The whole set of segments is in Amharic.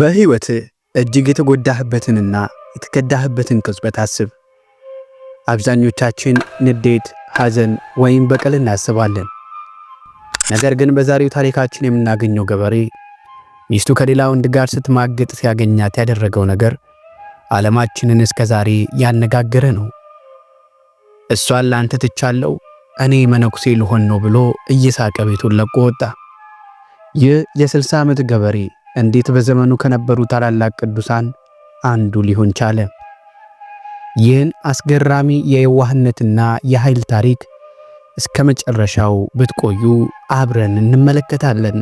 በሕይወት እጅግ የተጎዳህበትንና የተከዳህበትን ቅጽበት አስብ። አብዛኞቻችን ንዴት፣ ሐዘን ወይም በቀል እናስባለን። ነገር ግን በዛሬው ታሪካችን የምናገኘው ገበሬ ሚስቱ ከሌላ ወንድ ጋር ስትማግጥ ሲያገኛት ያደረገው ነገር ዓለማችንን እስከ ዛሬ ያነጋገረ ነው። እሷን ላንተ ትቻለው፣ እኔ መነኩሴ ልሆን ነው ብሎ እየሳቀ ቤቱን ለቆ ወጣ። ይህ የ60 ዓመት ገበሬ እንዴት በዘመኑ ከነበሩ ታላላቅ ቅዱሳን አንዱ ሊሆን ቻለ? ይህን አስገራሚ የየዋህነትና የኃይል ታሪክ እስከ መጨረሻው ብትቆዩ አብረን እንመለከታለን።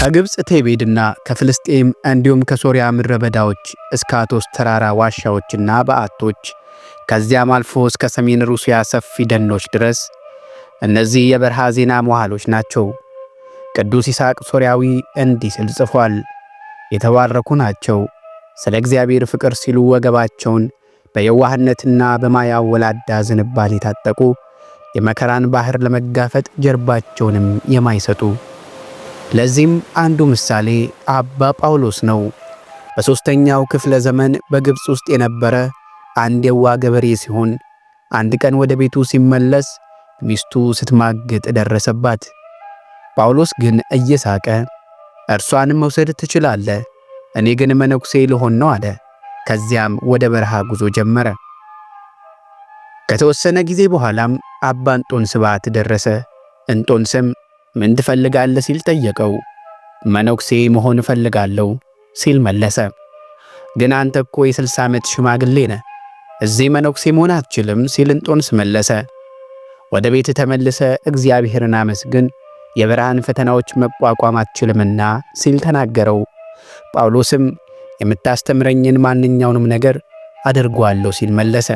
ከግብፅ ቴቤድና ከፍልስጤም እንዲሁም ከሶሪያ ምድረ በዳዎች እስከ አቶስ ተራራ ዋሻዎችና በዓቶች ከዚያም አልፎ እስከ ሰሜን ሩሲያ ሰፊ ደኖች ድረስ እነዚህ የበረሃ ዜና መዋዕሎች ናቸው። ቅዱስ ይስሐቅ ሶርያዊ እንዲህ ሲል ጽፏል። የተባረኩ ናቸው፣ ስለ እግዚአብሔር ፍቅር ሲሉ ወገባቸውን በየዋህነትና በማያወላዳ ዝንባል የታጠቁ የመከራን ባህር ለመጋፈጥ ጀርባቸውንም የማይሰጡ። ለዚህም አንዱ ምሳሌ አባ ጳውሎስ ነው። በሦስተኛው ክፍለ ዘመን በግብፅ ውስጥ የነበረ አንድ የዋ ገበሬ ሲሆን አንድ ቀን ወደ ቤቱ ሲመለስ ሚስቱ ስትማግጥ ደረሰባት። ጳውሎስ ግን እየሳቀ እርሷንም መውሰድ ትችላለህ፣ እኔ ግን መነኩሴ ልሆን ነው አለ። ከዚያም ወደ በረሃ ጉዞ ጀመረ። ከተወሰነ ጊዜ በኋላም አባ እንጦንስ ባት ደረሰ። እንጦንስም ምን ትፈልጋለህ ሲል ጠየቀው። መነኩሴ መሆን እፈልጋለሁ ሲል መለሰ። ግን አንተ እኮ የስልሳ ዓመት ሽማግሌ ነህ እዚህ መነኩሴ መሆን አትችልም ሲል እንጦንስ መለሰ። ወደ ቤት ተመልሰ እግዚአብሔርን አመስግን፣ የብርሃን ፈተናዎች መቋቋም አትችልምና ሲል ተናገረው። ጳውሎስም የምታስተምረኝን ማንኛውንም ነገር አደርጓለሁ ሲል መለሰ።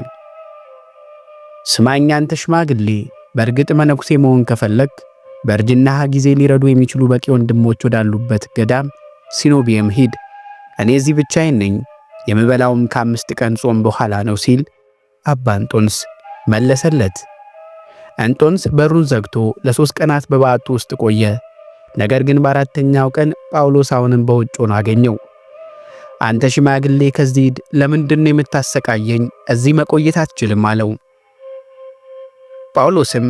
ስማኝ አንተ ሽማግሌ፣ በእርግጥ መነኩሴ መሆን ከፈለግ በእርጅናህ ጊዜ ሊረዱ የሚችሉ በቂ ወንድሞች ወዳሉበት ገዳም ሲኖቢየም ሂድ። እኔ እዚህ ብቻዬን ነኝ። የምበላውም ከአምስት ቀን ጾም በኋላ ነው ሲል አባ እንጦንስ መለሰለት። እንጦንስ በሩን ዘግቶ ለሦስት ቀናት በባቱ ውስጥ ቆየ። ነገር ግን በአራተኛው ቀን ጳውሎስ አሁንም በውጭ ሆኖ አገኘው። አንተ ሽማግሌ ከዚህ ሂድ፣ ለምንድን ነው የምታሰቃየኝ? እዚህ መቆየት አትችልም አለው። ጳውሎስም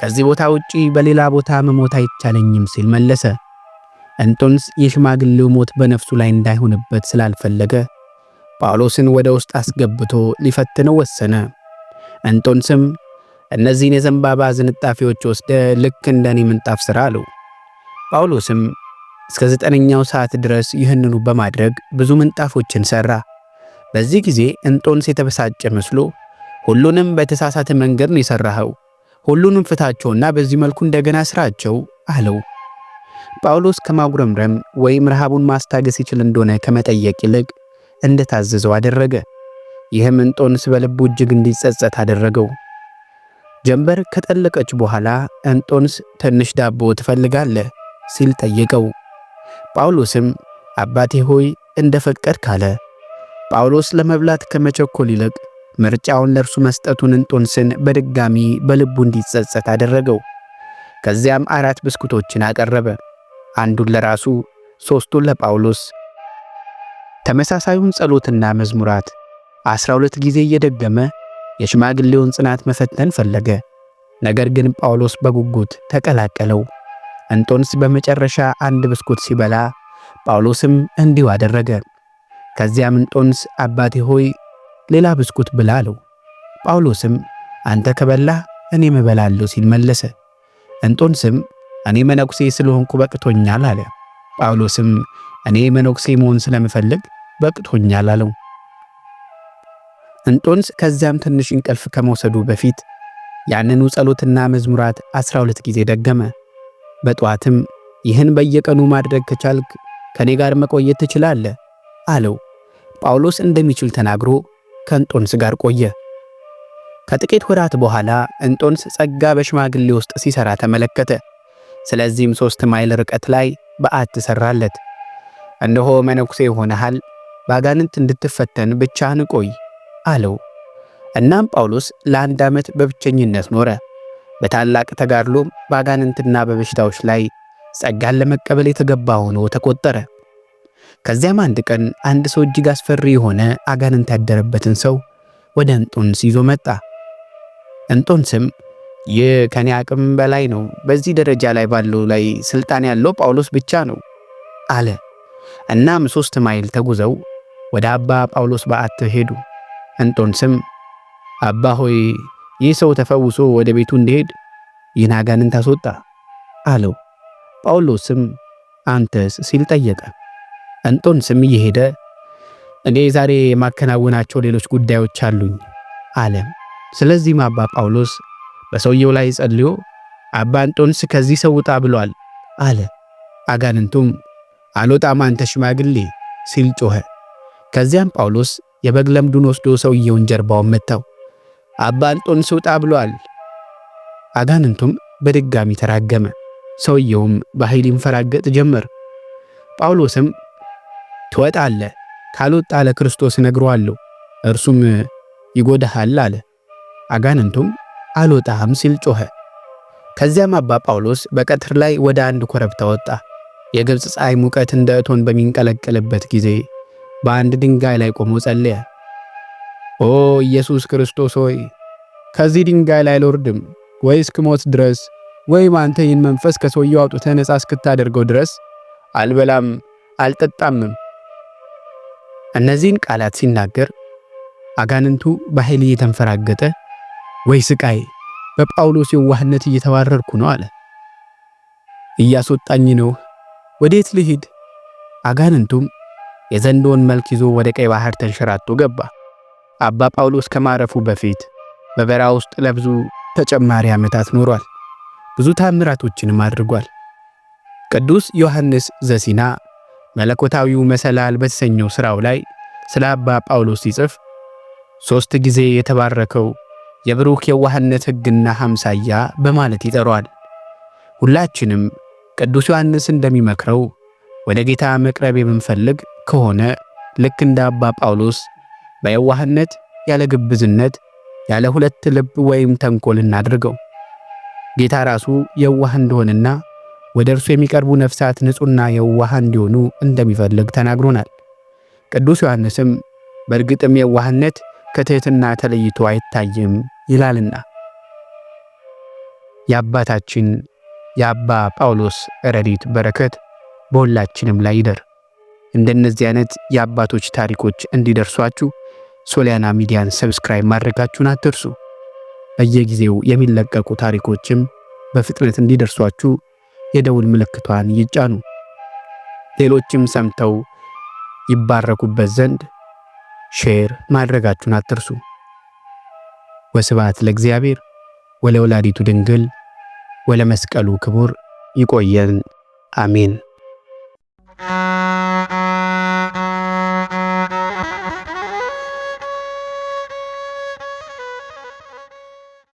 ከዚህ ቦታ ውጪ በሌላ ቦታ መሞት አይቻለኝም ሲል መለሰ። እንጦንስ የሽማግሌው ሞት በነፍሱ ላይ እንዳይሆንበት ስላልፈለገ ጳውሎስን ወደ ውስጥ አስገብቶ ሊፈትነው ወሰነ። እንጦንስም እነዚህን የዘንባባ ዝንጣፊዎች ወስደ ልክ እንደ እኔ ምንጣፍ ሥራ አለው። ጳውሎስም እስከ ዘጠነኛው ሰዓት ድረስ ይህንኑ በማድረግ ብዙ ምንጣፎችን ሠራ። በዚህ ጊዜ እንጦንስ የተበሳጨ መስሎ ሁሉንም በተሳሳተ መንገድ ነው የሠራኸው፣ ሁሉንም ፍታቸውና በዚህ መልኩ እንደገና ሥራቸው አለው። ጳውሎስ ከማጉረምረም ወይም ረሃቡን ማስታገስ ይችል እንደሆነ ከመጠየቅ ይልቅ እንደታዘዘው አደረገ። ይህም እንጦንስ በልቡ እጅግ እንዲጸጸት አደረገው። ጀንበር ከጠለቀች በኋላ እንጦንስ ትንሽ ዳቦ ትፈልጋለህ ሲል ጠየቀው። ጳውሎስም አባቴ ሆይ እንደ ፈቀድክ አለ። ጳውሎስ ለመብላት ከመቸኮል ይልቅ ምርጫውን ለእርሱ መስጠቱን እንጦንስን በድጋሚ በልቡ እንዲጸጸት አደረገው። ከዚያም አራት ብስኩቶችን አቀረበ። አንዱን ለራሱ፣ ሦስቱን ለጳውሎስ ተመሳሳዩን ጸሎትና መዝሙራት አስራ ሁለት ጊዜ እየደገመ የሽማግሌውን ጽናት መፈተን ፈለገ። ነገር ግን ጳውሎስ በጉጉት ተቀላቀለው። እንጦንስ በመጨረሻ አንድ ብስኩት ሲበላ ጳውሎስም እንዲሁ አደረገ። ከዚያም እንጦንስ አባቴ ሆይ ሌላ ብስኩት ብላ አለው። ጳውሎስም አንተ ከበላህ እኔም እበላለሁ ሲል መለሰ። እንጦንስም እኔ መነኩሴ ስለሆንኩ በቅቶኛል አለ። ጳውሎስም እኔ መነኩሴ መሆን ስለምፈልግ በቅቶኛል አለው። እንጦንስ ከዚያም ትንሽ እንቅልፍ ከመውሰዱ በፊት ያንኑ ጸሎትና መዝሙራት 12 ጊዜ ደገመ። በጠዋትም ይህን በየቀኑ ማድረግ ከቻልክ ከኔ ጋር መቆየት ትችላለ አለው። ጳውሎስ እንደሚችል ተናግሮ ከእንጦንስ ጋር ቆየ። ከጥቂት ወራት በኋላ እንጦንስ ጸጋ በሽማግሌ ውስጥ ሲሰራ ተመለከተ። ስለዚህም ሶስት ማይል ርቀት ላይ በዓት ትሰራለት። እነሆ መነኩሴ ሆነሃል፣ በአጋንንት እንድትፈተን ብቻህን ቆይ አለው። እናም ጳውሎስ ለአንድ ዓመት በብቸኝነት ኖረ። በታላቅ ተጋድሎም በአጋንንትና በበሽታዎች ላይ ጸጋን ለመቀበል የተገባ ሆኖ ተቆጠረ። ከዚያም አንድ ቀን አንድ ሰው እጅግ አስፈሪ የሆነ አጋንንት ያደረበትን ሰው ወደ እንጦንስ ይዞ መጣ። እንጦንስም ይህ ከኔ አቅም በላይ ነው፣ በዚህ ደረጃ ላይ ባለው ላይ ስልጣን ያለው ጳውሎስ ብቻ ነው አለ። እናም ሶስት ማይል ተጉዘው ወደ አባ ጳውሎስ በአት ሄዱ። እንጦንስም አባ ሆይ ይህ ሰው ተፈውሶ ወደ ቤቱ እንዲሄድ ይህን አጋንንት አስወጣ አለው። ጳውሎስም አንተስ ሲል ጠየቀ። እንጦንስም እየሄደ እኔ ዛሬ የማከናውናቸው ሌሎች ጉዳዮች አሉኝ አለ። ስለዚህም አባ ጳውሎስ በሰውየው ላይ ጸልዮ አባ እንጦንስ ከዚህ ሰው ውጣ ብሏል አለ። አጋንንቱም አልወጣም አንተ ሽማግሌ ሲል ጮኸ። ከዚያም ጳውሎስ የበግ ለምዱን ወስዶ ሰውየውን ጀርባውን መታው። አባ እንጦንስ ብሏል። አጋንንቱም በድጋሚ ተራገመ። ሰውየውም በኃይል ይንፈራገጥ ጀመር። ጳውሎስም ትወጣለ፣ ካልወጣ ለክርስቶስ እነግረዋለሁ፣ እርሱም ይጎዳሃል አለ። አጋንንቱም አልወጣህም ሲል ጮኸ። ከዚያም አባ ጳውሎስ በቀትር ላይ ወደ አንድ ኮረብታ ወጣ። የግብፅ ፀሐይ ሙቀት እንደ እቶን በሚንቀለቀልበት ጊዜ በአንድ ድንጋይ ላይ ቆሞ ጸለየ። ኦ ኢየሱስ ክርስቶስ ሆይ ከዚህ ድንጋይ ላይ አልወርድም ወይ እስክሞት ድረስ ወይም አንተ ይህን መንፈስ ከሰውየው አውጥተህ ነፃ እስክታደርገው ድረስ አልበላም አልጠጣምም። እነዚህን ቃላት ሲናገር አጋንንቱ በኃይል እየተንፈራገጠ ወይ ስቃይ፣ በጳውሎስ የዋህነት እየተባረርኩ ነው አለ። እያስወጣኝ ነው፣ ወዴት ልሂድ? አጋንንቱም የዘንዶን መልክ ይዞ ወደ ቀይ ባህር ተንሸራቶ ገባ። አባ ጳውሎስ ከማረፉ በፊት በበረሃ ውስጥ ለብዙ ተጨማሪ ዓመታት ኖሯል። ብዙ ታምራቶችንም አድርጓል። ቅዱስ ዮሐንስ ዘሲና መለኮታዊው መሰላል በተሰኘው ሥራው ላይ ስለ አባ ጳውሎስ ሲጽፍ ሦስት ጊዜ የተባረከው የብሩክ የዋህነት ሕግና ሐምሳያ በማለት ይጠሯል። ሁላችንም ቅዱስ ዮሐንስ እንደሚመክረው ወደ ጌታ መቅረብ የምንፈልግ ከሆነ ልክ እንደ አባ ጳውሎስ በየዋህነት ያለ ግብዝነት ያለ ሁለት ልብ ወይም ተንኮል እናድርገው። ጌታ ራሱ የዋህ እንደሆነና ወደ እርሱ የሚቀርቡ ነፍሳት ንጹሕና የዋህ እንዲሆኑ እንደሚፈልግ ተናግሮናል። ቅዱስ ዮሐንስም በእርግጥም የዋህነት ከትሕትና ተለይቶ አይታይም ይላልና የአባታችን የአባ ጳውሎስ ረድኤት በረከት በሁላችንም ላይ ይደር። እንደነዚህ አይነት የአባቶች ታሪኮች እንዲደርሷችሁ ሶሊያና ሚዲያን ሰብስክራይብ ማድረጋችሁን አትርሱ። በየጊዜው የሚለቀቁ ታሪኮችም በፍጥነት እንዲደርሷችሁ የደውል ምልክቷን ይጫኑ። ሌሎችም ሰምተው ይባረኩበት ዘንድ ሼር ማድረጋችሁን አትርሱ። ወስብሐት ለእግዚአብሔር ወለወላዲቱ ድንግል ወለመስቀሉ ክቡር። ይቆየን። አሜን።